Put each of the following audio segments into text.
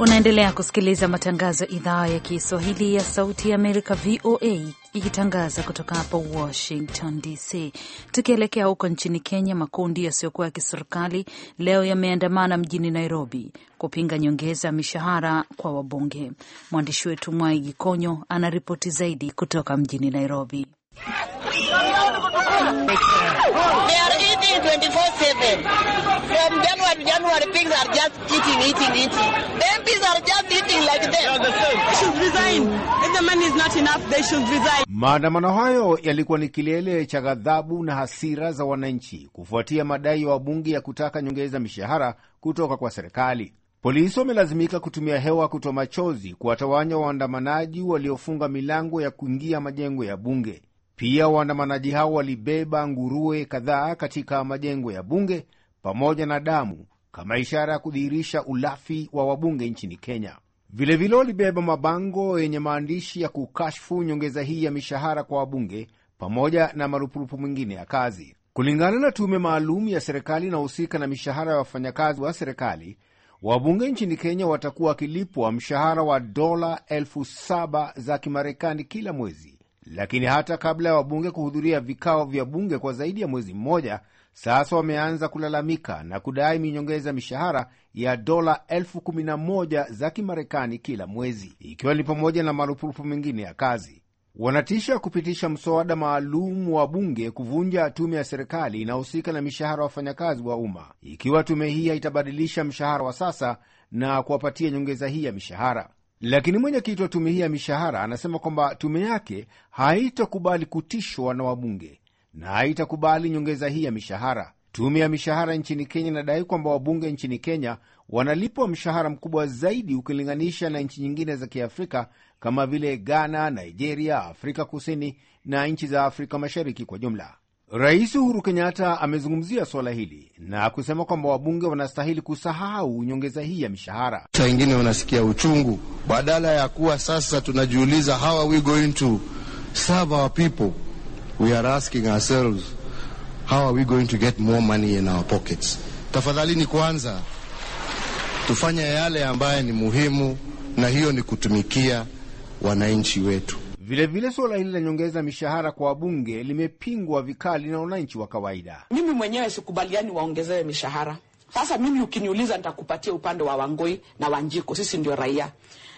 Unaendelea kusikiliza matangazo ya idhaa ya Kiswahili ya Sauti ya Amerika, VOA, ikitangaza kutoka hapa Washington DC. Tukielekea huko nchini Kenya, makundi yasiyokuwa ya kiserikali leo yameandamana mjini Nairobi kupinga nyongeza ya mishahara kwa wabunge. Mwandishi wetu Mwai Gikonyo anaripoti zaidi kutoka mjini Nairobi. They are eating 24/7. From January to January, pigs are just eating, eating, eating. The MPs are just eating like them. They should resign. If the money is not enough, they should resign. Maandamano hayo yalikuwa ni kilele cha ghadhabu na hasira za wananchi kufuatia madai ya wabunge ya kutaka nyongeza mishahara kutoka kwa serikali. Polisi wamelazimika kutumia hewa kutoa machozi kuwatawanya waandamanaji waliofunga milango ya kuingia majengo ya bunge. Pia waandamanaji hao walibeba nguruwe kadhaa katika majengo ya bunge pamoja na damu kama ishara ya kudhihirisha ulafi wa wabunge nchini Kenya. Vilevile walibeba mabango yenye maandishi ya kukashfu nyongeza hii ya mishahara kwa wabunge pamoja na marupurupu mwingine ya kazi. Kulingana na tume maalum ya serikali inaohusika na mishahara ya wafanyakazi wa serikali, wabunge nchini Kenya watakuwa wakilipwa mshahara wa dola elfu saba za Kimarekani kila mwezi. Lakini hata kabla ya wabunge kuhudhuria vikao vya bunge kwa zaidi ya mwezi mmoja sasa, wameanza kulalamika na kudai minyongeza mishahara ya dola elfu kumi na moja za Kimarekani kila mwezi, ikiwa ni pamoja na marupurupu mengine ya kazi. Wanatisha kupitisha mswada maalum wa bunge kuvunja tume ya serikali inayohusika na mishahara ya wafanyakazi wa umma, ikiwa tume hii haitabadilisha mshahara wa sasa na kuwapatia nyongeza hii ya mishahara. Lakini mwenyekiti wa tume hii ya mishahara anasema kwamba tume yake haitakubali kutishwa na wabunge na haitakubali nyongeza hii ya mishahara. Tume ya mishahara nchini Kenya inadai kwamba wabunge nchini Kenya wanalipwa mshahara mkubwa zaidi ukilinganisha na nchi nyingine za Kiafrika kama vile Ghana, Nigeria, Afrika Kusini na nchi za Afrika Mashariki kwa jumla. Rais Uhuru Kenyatta amezungumzia suala hili na kusema kwamba wabunge wanastahili kusahau nyongeza hii ya mishahara. Saa ingine wanasikia uchungu, badala ya kuwa sasa tunajiuliza how are we going to serve our people, we are asking ourselves how are we going to get more money in our pockets. Tafadhalini kwanza tufanye yale ambaye ni muhimu, na hiyo ni kutumikia wananchi wetu. Vilevile suala hili la nyongeza mishahara kwa wabunge limepingwa vikali na wananchi wa kawaida. Mimi mwenyewe sikubaliani waongezewe mishahara. Sasa mimi ukiniuliza, nitakupatia upande wa Wangoi na Wanjiko, sisi ndio raia.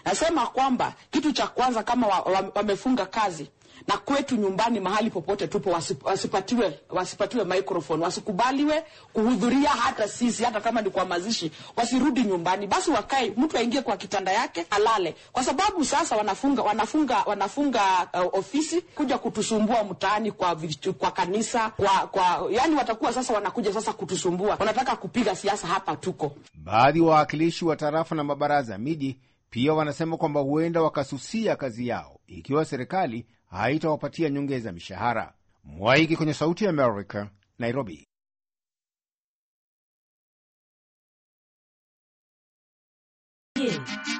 Nasema kwamba kitu cha kwanza kama wamefunga wa, wamefunga kazi na kwetu nyumbani, mahali popote tupo, wasipatiwe wasipatiwe microphone, wasikubaliwe kuhudhuria, hata sisi, hata kama ni kwa mazishi, wasirudi nyumbani, basi wakae, mtu aingie kwa kitanda yake alale, kwa sababu sasa wanafunga wanafunga wanafunga uh, ofisi kuja kutusumbua mtaani, kwa kwa kanisa, kwa kwa yani, watakuwa sasa wanakuja sasa kutusumbua, wanataka kupiga siasa hapa tuko. Baadhi wawakilishi wa tarafa na mabaraza ya miji pia wanasema kwamba huenda wakasusia kazi yao ikiwa serikali haitawapatia nyongeza mishahara. Mwaiki kwenye Sauti ya Amerika, Nairobi. Yeah.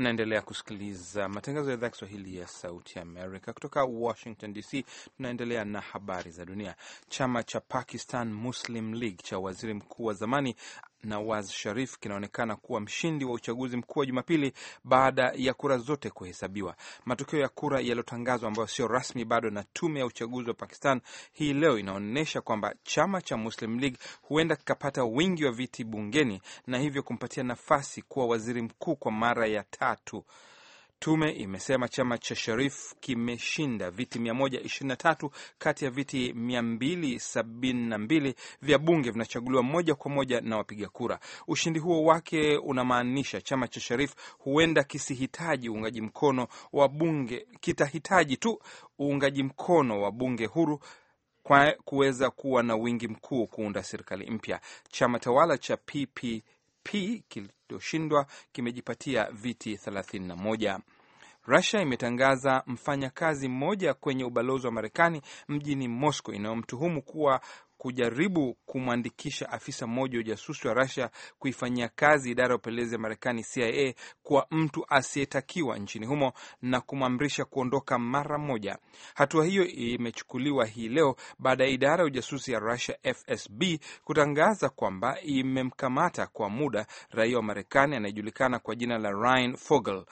Mnaendelea kusikiliza matangazo ya idhaa Kiswahili ya Sauti Amerika kutoka Washington DC. Tunaendelea na habari za dunia. Chama cha Pakistan Muslim League cha waziri mkuu wa zamani Nawaz Sharif kinaonekana kuwa mshindi wa uchaguzi mkuu wa Jumapili baada ya kura zote kuhesabiwa. Matokeo ya kura yaliyotangazwa ambayo sio rasmi bado na tume ya uchaguzi wa Pakistan hii leo inaonyesha kwamba chama cha Muslim League huenda kikapata wingi wa viti bungeni na hivyo kumpatia nafasi kuwa waziri mkuu kwa mara ya tatu. Tume imesema chama cha Sharif kimeshinda viti 123 kati ya viti 272 vya bunge vinachaguliwa moja kwa moja na wapiga kura. Ushindi huo wake unamaanisha chama cha Sharif huenda kisihitaji uungaji mkono wa bunge, kitahitaji tu uungaji mkono wa bunge huru kwa kuweza kuwa na wingi mkuu kuunda serikali mpya. Chama tawala cha PP P kilichoshindwa kimejipatia viti 31. Rusia imetangaza mfanyakazi mmoja kwenye ubalozi wa Marekani mjini Moscow inayomtuhumu kuwa kujaribu kumwandikisha afisa mmoja wa ujasusi wa rasia kuifanyia kazi idara ya upelelezi ya Marekani CIA kwa mtu asiyetakiwa nchini humo na kumwamrisha kuondoka mara moja. Hatua hiyo imechukuliwa hii leo baada ya idara ya ujasusi ya rusia FSB kutangaza kwamba imemkamata kwa muda raia wa Marekani anayejulikana kwa jina la Ryan Fogel.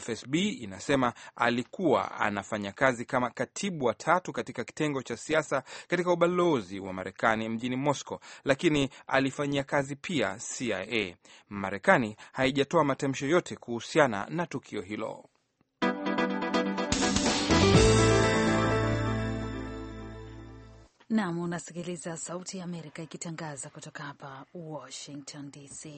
FSB inasema alikuwa anafanya kazi kama katibu wa tatu katika kitengo cha siasa katika ubalozi wa Marekani Marekani mjini Moscow, lakini alifanyia kazi pia CIA. Marekani haijatoa matamshi yote kuhusiana na tukio hilo. Nam, unasikiliza Sauti ya Amerika ikitangaza kutoka hapa Washington DC.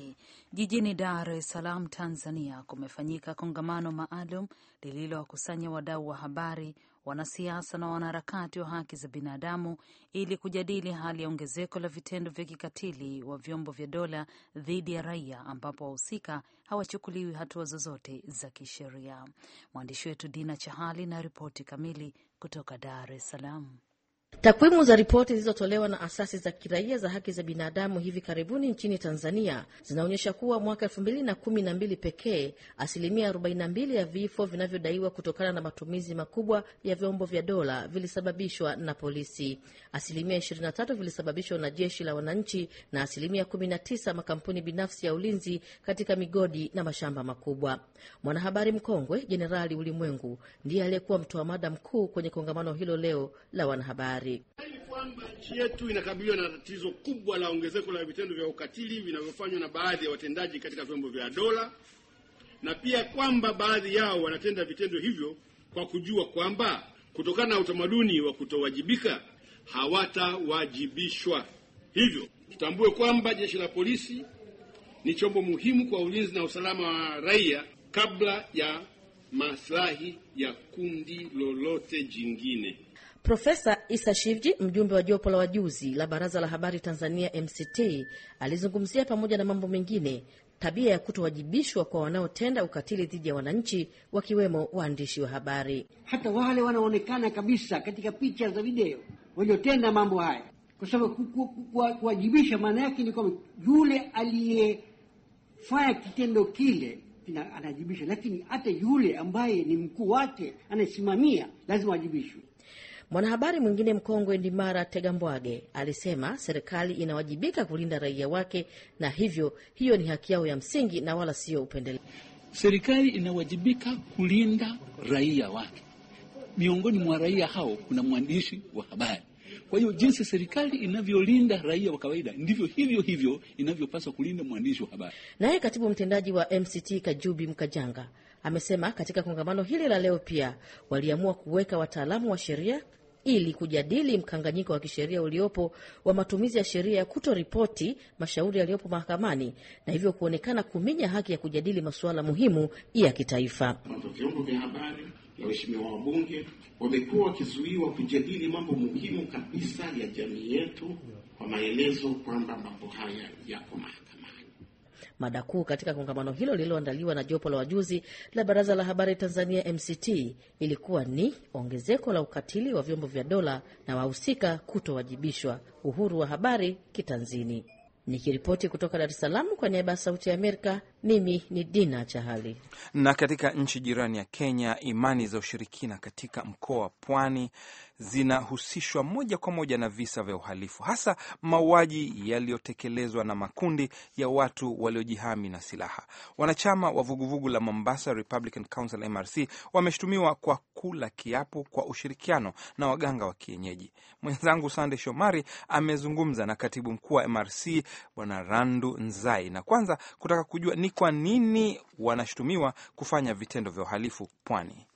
Jijini Dar es Salaam, Tanzania, kumefanyika kongamano maalum lililowakusanya wadau wa habari wanasiasa na wanaharakati wa haki za binadamu ili kujadili hali ya ongezeko la vitendo vya kikatili wa vyombo vya dola dhidi ya raia ambapo wahusika hawachukuliwi hatua zozote za kisheria. Mwandishi wetu Dina Chahali na ripoti kamili kutoka Dar es Salaam. Takwimu za ripoti zilizotolewa na asasi za kiraia za haki za binadamu hivi karibuni nchini Tanzania zinaonyesha kuwa mwaka 2012 pekee asilimia 42 ya vifo vinavyodaiwa kutokana na matumizi makubwa ya vyombo vya dola vilisababishwa na polisi, asilimia 23 vilisababishwa na jeshi la wananchi na asilimia 19 makampuni binafsi ya ulinzi katika migodi na mashamba makubwa. Mwanahabari mkongwe Jenerali Ulimwengu ndiye aliyekuwa mtoa mada mkuu kwenye kongamano hilo leo la wanahabari habari kwamba nchi yetu inakabiliwa na tatizo kubwa la ongezeko la vitendo vya ukatili vinavyofanywa na baadhi ya watendaji katika vyombo vya dola, na pia kwamba baadhi yao wanatenda vitendo hivyo kwa kujua kwamba kutokana na utamaduni wa kutowajibika hawatawajibishwa. Hivyo tutambue kwamba jeshi la polisi ni chombo muhimu kwa ulinzi na usalama wa raia kabla ya maslahi ya kundi lolote jingine. Profesa Isa Shivji, mjumbe wa jopo la wajuzi la Baraza la Habari Tanzania MCT, alizungumzia pamoja na mambo mengine tabia ya kutowajibishwa kwa wanaotenda ukatili dhidi ya wananchi wakiwemo waandishi wa habari, hata wale wanaonekana kabisa katika picha za video waliotenda mambo haya, kwa sababu kuwajibisha maana yake ni kwamba yule aliyefanya kitendo kile anawajibishwa, lakini hata yule ambaye ni mkuu wake anayesimamia lazima wajibishwe. Mwanahabari mwingine mkongwe Ndimara Tegambwage alisema serikali inawajibika kulinda raia wake, na hivyo hiyo ni haki yao ya msingi na wala siyo upendeleo. Serikali inawajibika kulinda raia wake. Miongoni mwa raia hao kuna mwandishi wa habari. Kwa hiyo jinsi serikali inavyolinda raia wa kawaida ndivyo hivyo hivyo inavyopaswa kulinda mwandishi wa habari. Naye katibu mtendaji wa MCT Kajubi Mkajanga Amesema katika kongamano hili la leo pia waliamua kuweka wataalamu wa sheria ili kujadili mkanganyiko wa kisheria uliopo wa matumizi ya sheria ya kutoripoti mashauri yaliyopo mahakamani na hivyo kuonekana kuminya haki ya kujadili masuala muhimu ya kitaifa. Vyombo vya habari na waheshimiwa wabunge wamekuwa wakizuiwa kujadili mambo muhimu kabisa ya jamii yetu kwa maelezo kwamba mambo haya yako mahakamani. Mada kuu katika kongamano hilo lililoandaliwa na jopo la wajuzi la Baraza la Habari Tanzania MCT ilikuwa ni ongezeko la ukatili wa vyombo vya dola na wahusika kutowajibishwa, uhuru wa habari kitanzini. Nikiripoti kutoka Dar es Salaam kwa niaba ya Sauti ya Amerika, mimi ni Dina Chahali. Na katika nchi jirani ya Kenya, imani za ushirikina katika mkoa wa Pwani zinahusishwa moja kwa moja na visa vya uhalifu, hasa mauaji yaliyotekelezwa na makundi ya watu waliojihami na silaha. Wanachama wa vuguvugu la Mombasa Republican Council MRC wameshutumiwa kwa kula kiapo kwa ushirikiano na waganga wa kienyeji. Mwenzangu Sande Shomari amezungumza na katibu mkuu wa MRC Bwana Randu Nzai, na kwanza kutaka kujua ni kwa nini wanashutumiwa kufanya vitendo vya uhalifu pwani?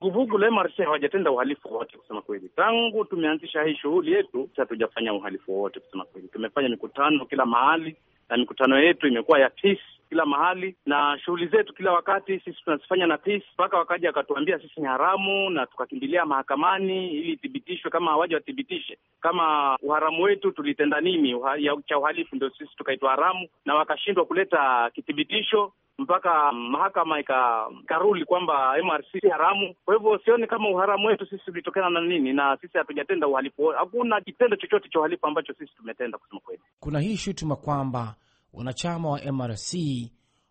Vuguvugu la MRC hawajatenda uhalifu wowote kusema kweli. Tangu tumeanzisha hii shughuli yetu hatujafanya uhalifu wowote kusema kweli. Tumefanya mikutano kila mahali na mikutano yetu imekuwa ya peace kila mahali, na shughuli zetu kila wakati sisi tunazifanya na TIS mpaka wakaja wakatuambia sisi ni haramu, na tukakimbilia mahakamani ili ithibitishwe, kama hawaja wathibitishe kama uharamu wetu tulitenda nini cha uhalifu, ndio sisi tukaitwa haramu, na wakashindwa kuleta kithibitisho mpaka mahakama ikaruli kwamba MRC si haramu. Kwa hivyo sioni kama uharamu wetu sisi ulitokana na nini, na sisi hatujatenda uhalifu. Hakuna kitendo chochote cha uhalifu ambacho sisi tumetenda, kusema kweli. Kuna hii shutuma kwamba wanachama wa MRC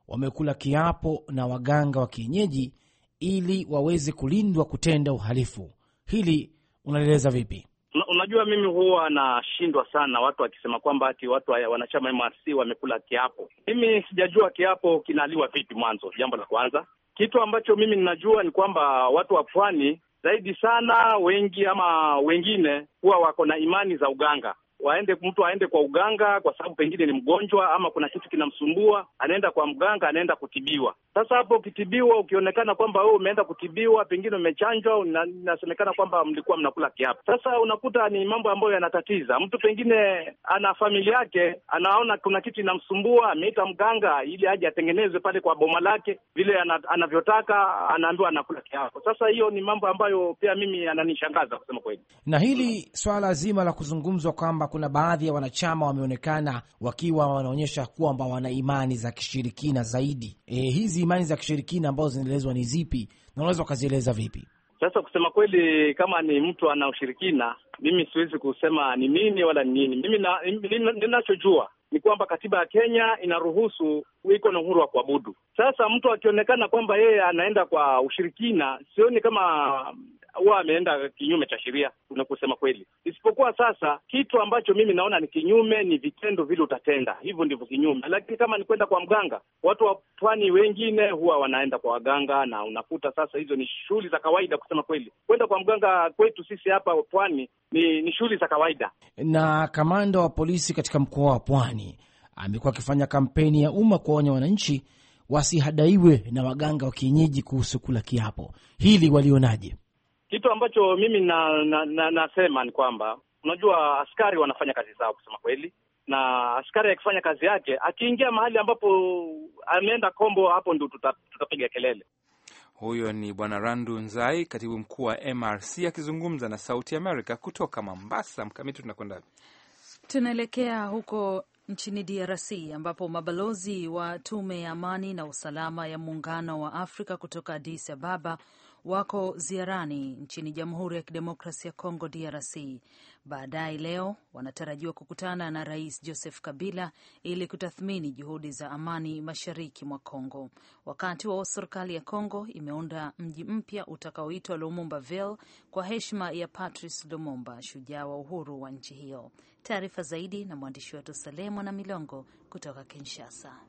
wamekula kiapo na waganga wa kienyeji ili waweze kulindwa kutenda uhalifu. Hili unaeleza vipi? Unajua, mimi huwa nashindwa sana watu wakisema kwamba ati watu wanachama MRC wamekula kiapo. Mimi sijajua kiapo kinaliwa vipi mwanzo, jambo la kwanza. Kitu ambacho mimi ninajua ni kwamba watu wa pwani zaidi sana wengi ama wengine huwa wako na imani za uganga waende, mtu aende kwa uganga, kwa sababu pengine ni mgonjwa ama kuna kitu kinamsumbua, anaenda kwa mganga, anaenda kutibiwa. Sasa hapo ukitibiwa, ukionekana kwamba wewe umeenda kutibiwa, pengine umechanjwa, inasemekana kwamba mlikuwa mnakula kiapo. Sasa unakuta ni mambo ambayo yanatatiza mtu, pengine ana familia yake, anaona kuna kitu inamsumbua, ameita mganga ili aje atengenezwe pale kwa boma lake vile anavyotaka, anaambiwa anakula kiapo. Sasa hiyo ni mambo ambayo pia mimi ananishangaza kusema kweli, na hili swala zima la kuzungumzwa kwamba kuna baadhi ya wanachama wameonekana wakiwa wanaonyesha kwamba wana imani za kishirikina zaidi. E, hizi imani za kishirikina ambazo zinaelezwa ni zipi na unaweza ukazieleza vipi? Sasa kusema kweli, kama ni mtu ana ushirikina, mimi siwezi kusema ni nini wala ni nini. Mimi ninachojua ni kwamba katiba ya Kenya inaruhusu, iko na uhuru wa kuabudu. Sasa mtu akionekana kwamba yeye anaenda kwa ushirikina, sioni kama huwa ameenda kinyume cha sheria, kuna kusema kweli. Isipokuwa sasa, kitu ambacho mimi naona ni kinyume ni vitendo vile utatenda, hivyo ndivyo kinyume. Lakini kama ni kwenda kwa mganga, watu wa pwani wengine huwa wanaenda kwa waganga, na unakuta sasa hizo ni shughuli za kawaida. Kusema kweli, kwenda kwa mganga kwetu sisi hapa pwani ni, ni shughuli za kawaida. Na kamanda wa polisi katika mkoa wa Pwani amekuwa akifanya kampeni ya umma kuwaonya wananchi wasihadaiwe na waganga wa kienyeji kuhusu kula kiapo. Hili walionaje? Kitu ambacho mimi na, na, na, nasema ni kwamba unajua askari wanafanya kazi zao kusema kweli, na askari akifanya kazi yake, akiingia mahali ambapo ameenda kombo, hapo ndio tutapiga kelele. Huyo ni Bwana Randu Nzai, katibu mkuu wa MRC akizungumza na Sauti Amerika kutoka Mombasa. Mkamiti, tunakwenda tunaelekea huko nchini DRC ambapo mabalozi wa tume ya amani na usalama ya muungano wa Afrika kutoka Addis Ababa wako ziarani nchini Jamhuri ya Kidemokrasi ya Kongo, DRC. Baadaye leo wanatarajiwa kukutana na Rais Joseph Kabila ili kutathmini juhudi za amani mashariki mwa Kongo. Wakati wa serikali ya Kongo imeunda mji mpya utakaoitwa Lumumbaville kwa heshima ya Patrice Lumumba, shujaa wa uhuru wa nchi hiyo. Taarifa zaidi na mwandishi wetu Salemo na Milongo kutoka Kinshasa.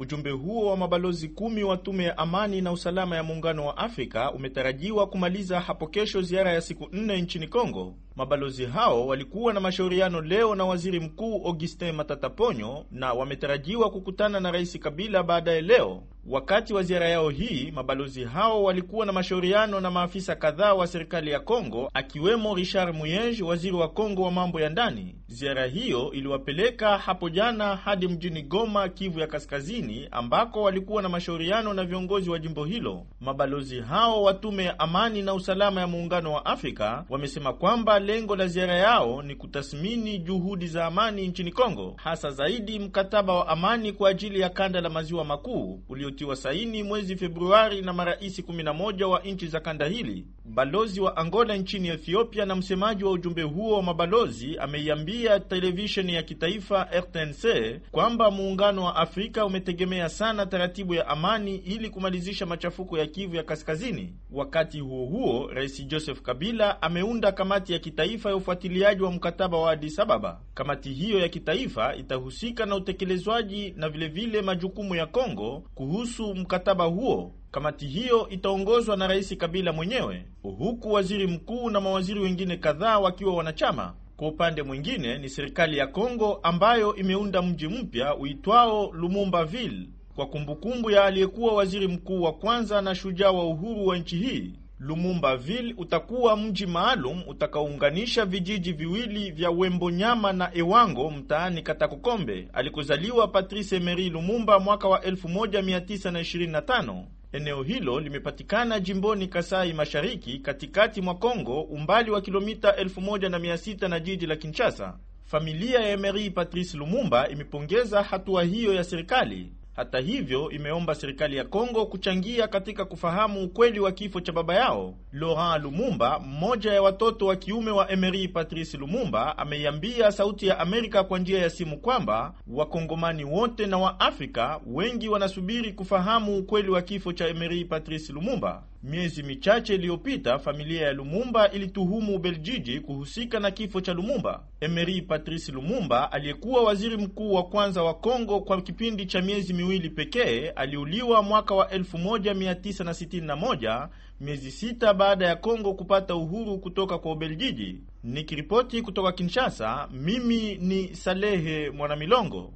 Ujumbe huo wa mabalozi kumi wa tume ya amani na usalama ya muungano wa Afrika umetarajiwa kumaliza hapo kesho ziara ya siku nne nchini Kongo. Mabalozi hao walikuwa na mashauriano leo na waziri mkuu Augustin Matata Ponyo na wametarajiwa kukutana na rais Kabila baadaye leo. Wakati wa ziara yao hii, mabalozi hao walikuwa na mashauriano na maafisa kadhaa wa serikali ya Kongo, akiwemo Richard Muyej, waziri wa Kongo wa mambo ya ndani. Ziara hiyo iliwapeleka hapo jana hadi mjini Goma, Kivu ya Kaskazini, ambako walikuwa na mashauriano na viongozi wa jimbo hilo. Mabalozi hao wa tume ya amani na usalama ya Muungano wa Afrika wamesema kwamba lengo la ziara yao ni kutathmini juhudi za amani nchini Kongo, hasa zaidi mkataba wa amani kwa ajili ya kanda la maziwa makuu ulio yaliyotiwa saini mwezi Februari na marais 11 wa nchi za kanda hili. Balozi wa Angola nchini Ethiopia na msemaji wa ujumbe huo wa mabalozi ameiambia televisheni ya kitaifa RTNC kwamba muungano wa Afrika umetegemea sana taratibu ya amani ili kumalizisha machafuko ya Kivu ya Kaskazini. Wakati huo huo, Rais Joseph Kabila ameunda kamati ya kitaifa ya ufuatiliaji wa mkataba wa Addis Ababa. Kamati hiyo ya kitaifa itahusika na utekelezwaji na vilevile vile majukumu ya Kongo kuhusu kuhusu mkataba huo, kamati hiyo itaongozwa na Rais Kabila mwenyewe, huku waziri mkuu na mawaziri wengine kadhaa wakiwa wanachama. Kwa upande mwingine ni serikali ya Kongo ambayo imeunda mji mpya uitwao Lumumbaville kwa kumbukumbu ya aliyekuwa waziri mkuu wa kwanza na shujaa wa uhuru wa nchi hii Lumumbaville utakuwa mji maalum utakaounganisha vijiji viwili vya Wembonyama na Ewango mtaani Katakokombe alikozaliwa Patrice Emery Lumumba mwaka wa 1925. Eneo hilo limepatikana jimboni Kasai Mashariki, katikati mwa Kongo, umbali wa kilomita 1600 na jiji la Kinshasa. Familia ya Emery Patrice Lumumba imepongeza hatua hiyo ya serikali hata hivyo, imeomba serikali ya Kongo kuchangia katika kufahamu ukweli wa kifo cha baba yao. Laurent Lumumba, mmoja ya watoto wa kiume wa Emery Patrice Lumumba, ameiambia Sauti ya Amerika kwa njia ya simu kwamba wakongomani wote na Waafrika wengi wanasubiri kufahamu ukweli wa kifo cha Emery Patrice Lumumba. Miezi michache iliyopita familia ya Lumumba ilituhumu Ubeljiji kuhusika na kifo cha Lumumba. Emery Patrice Lumumba, aliyekuwa waziri mkuu wa kwanza wa Kongo kwa kipindi cha miezi miwili pekee, aliuliwa mwaka wa 1961 miezi sita baada ya Kongo kupata uhuru kutoka kwa Ubeljiji. Nikiripoti kutoka Kinshasa, mimi ni Salehe Mwanamilongo.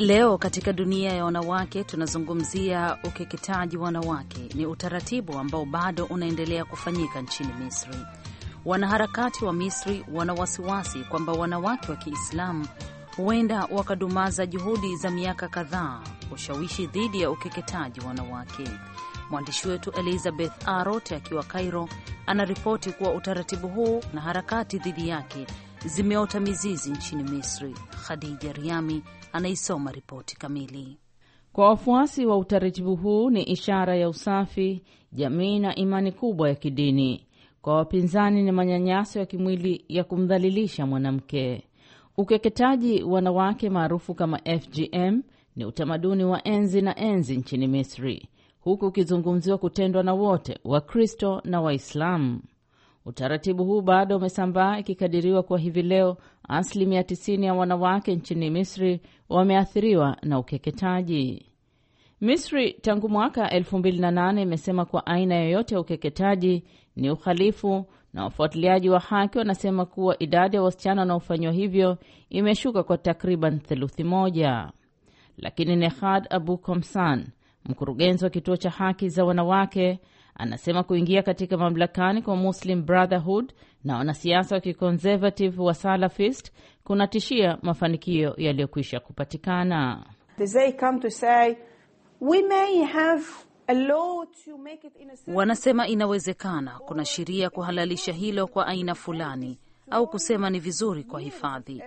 Leo katika dunia ya wanawake tunazungumzia ukeketaji wanawake. Ni utaratibu ambao bado unaendelea kufanyika nchini Misri. Wanaharakati wa Misri wana wasiwasi kwamba wanawake wa Kiislamu huenda wakadumaza juhudi za miaka kadhaa ushawishi dhidi ya ukeketaji wanawake. Mwandishi wetu Elizabeth Arot akiwa Cairo anaripoti kuwa utaratibu huu na harakati dhidi yake zimeota mizizi nchini Misri. Khadija Riami anaisoma ripoti kamili. Kwa wafuasi wa utaratibu huu ni ishara ya usafi, jamii na imani kubwa ya kidini. Kwa wapinzani ni manyanyaso ya kimwili ya kumdhalilisha mwanamke. Ukeketaji wanawake maarufu kama FGM ni utamaduni wa enzi na enzi nchini Misri, huku ukizungumziwa kutendwa na wote, Wakristo na Waislamu. Utaratibu huu bado umesambaa, ikikadiriwa kuwa hivi leo asilimia 90 ya wanawake nchini Misri wameathiriwa na ukeketaji. Misri tangu mwaka 2008 imesema kuwa aina yoyote ya ukeketaji ni uhalifu, na wafuatiliaji wa haki wanasema kuwa idadi ya wasichana wanaofanyiwa hivyo imeshuka kwa takriban theluthi moja. Lakini Nehad Abu Komsan, mkurugenzi wa kituo cha haki za wanawake, Anasema kuingia katika mamlakani kwa Muslim Brotherhood na wanasiasa wa kiconservative wa Salafist kunatishia mafanikio yaliyokwisha kupatikana. Wanasema inawezekana kuna sheria kuhalalisha hilo kwa aina fulani, au kusema ni vizuri kwa hifadhi.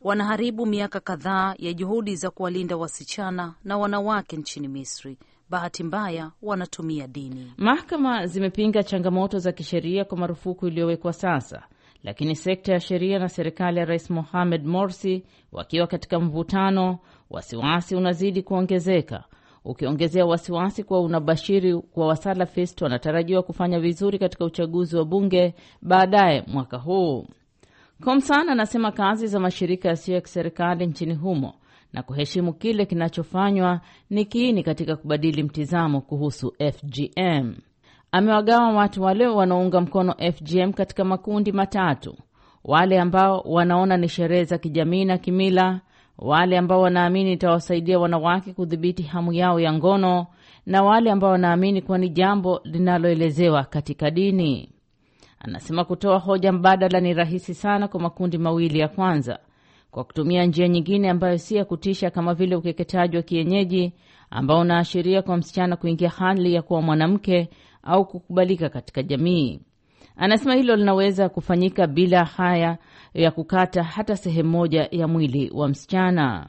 Wanaharibu miaka kadhaa ya juhudi za kuwalinda wasichana na wanawake nchini Misri bahati mbaya wanatumia dini. Mahakama zimepinga changamoto za kisheria kwa marufuku iliyowekwa sasa, lakini sekta ya sheria na serikali ya Rais Mohamed Morsi wakiwa katika mvutano, wasiwasi unazidi kuongezeka ukiongezea wasiwasi kuwa unabashiri kwa wasalafist wanatarajiwa kufanya vizuri katika uchaguzi wa bunge baadaye mwaka huu. Komsan anasema kazi za mashirika yasiyo ya kiserikali nchini humo na kuheshimu kile kinachofanywa ni kiini katika kubadili mtizamo kuhusu FGM. Amewagawa watu wale wanaounga mkono FGM katika makundi matatu: wale ambao wanaona ni sherehe za kijamii na kimila, wale ambao wanaamini itawasaidia wanawake kudhibiti hamu yao ya ngono, na wale ambao wanaamini kuwa ni jambo linaloelezewa katika dini. Anasema kutoa hoja mbadala ni rahisi sana kwa makundi mawili ya kwanza kwa kutumia njia nyingine ambayo si ya kutisha kama vile ukeketaji wa kienyeji ambao unaashiria kwa msichana kuingia hali ya kuwa mwanamke au kukubalika katika jamii. Anasema hilo linaweza kufanyika bila haya ya kukata hata sehemu moja ya mwili wa msichana.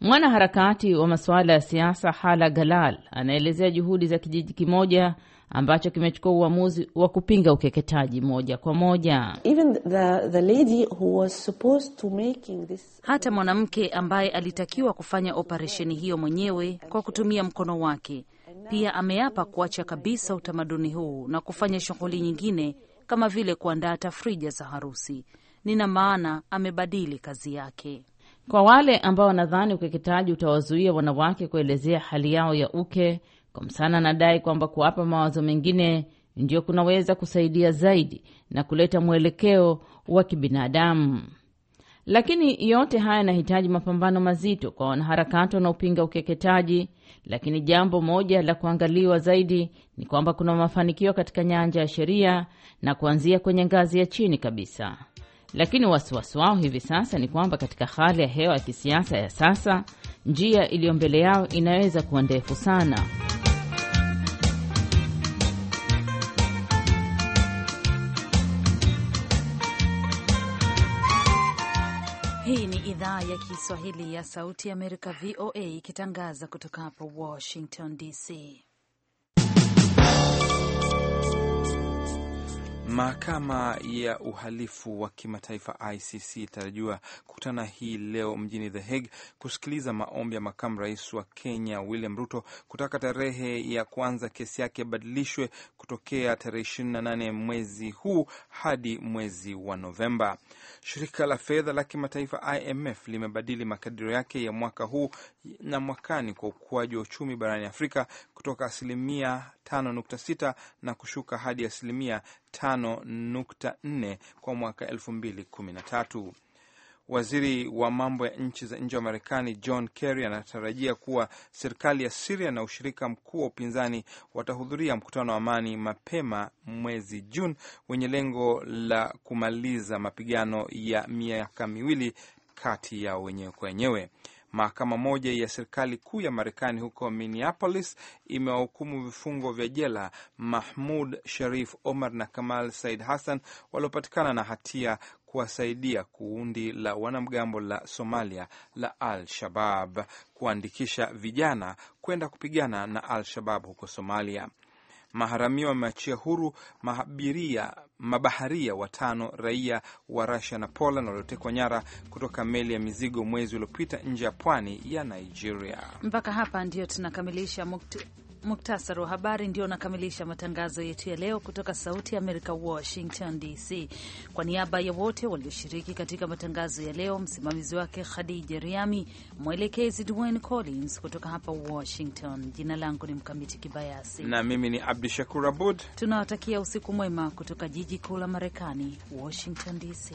Mwanaharakati wa masuala ya siasa Hala Galal anaelezea juhudi za kijiji kimoja ambacho kimechukua uamuzi wa kupinga ukeketaji moja kwa moja. Even the, the lady who was supposed to making this... hata mwanamke ambaye alitakiwa kufanya operesheni hiyo mwenyewe kwa kutumia mkono wake pia ameapa kuacha kabisa utamaduni huu na kufanya shughuli nyingine kama vile kuandaa tafrija za harusi. Nina maana amebadili kazi yake. Kwa wale ambao wanadhani ukeketaji utawazuia wanawake kuelezea hali yao ya uke Komsana anadai kwamba kuwapa mawazo mengine ndio kunaweza kusaidia zaidi na kuleta mwelekeo wa kibinadamu. Lakini yote haya yanahitaji mapambano mazito kwa wanaharakati wanaopinga ukeketaji. Lakini jambo moja la kuangaliwa zaidi ni kwamba kuna mafanikio katika nyanja ya sheria na kuanzia kwenye ngazi ya chini kabisa. Lakini wasiwasi wao hivi sasa ni kwamba katika hali ya hewa ya kisiasa ya sasa, njia iliyo mbele yao inaweza kuwa ndefu sana. idhaa ya Kiswahili ya Sauti ya Amerika, VOA, ikitangaza kutoka hapa Washington DC. Mahakama ya uhalifu wa kimataifa ICC itarajiwa kukutana hii leo mjini The Hague kusikiliza maombi ya makamu rais wa Kenya William Ruto kutaka tarehe ya kuanza kesi yake yabadilishwe kutokea tarehe 28 mwezi huu hadi mwezi wa Novemba. Shirika la fedha la kimataifa IMF limebadili makadirio yake ya mwaka huu na mwakani kwa ukuaji wa uchumi barani Afrika kutoka asilimia 5.6 na kushuka hadi asilimia 5.4 kwa mwaka 2013. Waziri wa mambo ya nchi za nje wa Marekani John Kerry anatarajia kuwa serikali ya Siria na ushirika mkuu wa upinzani watahudhuria mkutano wa amani mapema mwezi Juni wenye lengo la kumaliza mapigano ya miaka miwili kati ya wenyewe kwa wenyewe. Mahakama moja ya serikali kuu ya Marekani huko Minneapolis imewahukumu vifungo vya jela Mahmud Sharif Omar na Kamal Said Hassan waliopatikana na hatia kuwasaidia kundi la wanamgambo la Somalia la Al-Shabab kuandikisha vijana kwenda kupigana na Al-Shabab huko Somalia maharamia wameachia huru mahabiria, mabaharia watano raia wa Russia na Poland waliotekwa nyara kutoka meli ya mizigo mwezi uliopita nje ya pwani ya Nigeria. Mpaka hapa ndio tunakamilisha mukti Muktasari wa habari ndio unakamilisha matangazo yetu ya leo kutoka Sauti ya Amerika, Washington DC. Kwa niaba ya wote walioshiriki katika matangazo ya leo, msimamizi wake Khadija Riami, mwelekezi Dwayne Collins. Kutoka hapa Washington, jina langu ni Mkamiti Kibayasi na mimi ni Abdu Shakur Abud. Tunawatakia usiku mwema kutoka jiji kuu la Marekani, Washington DC.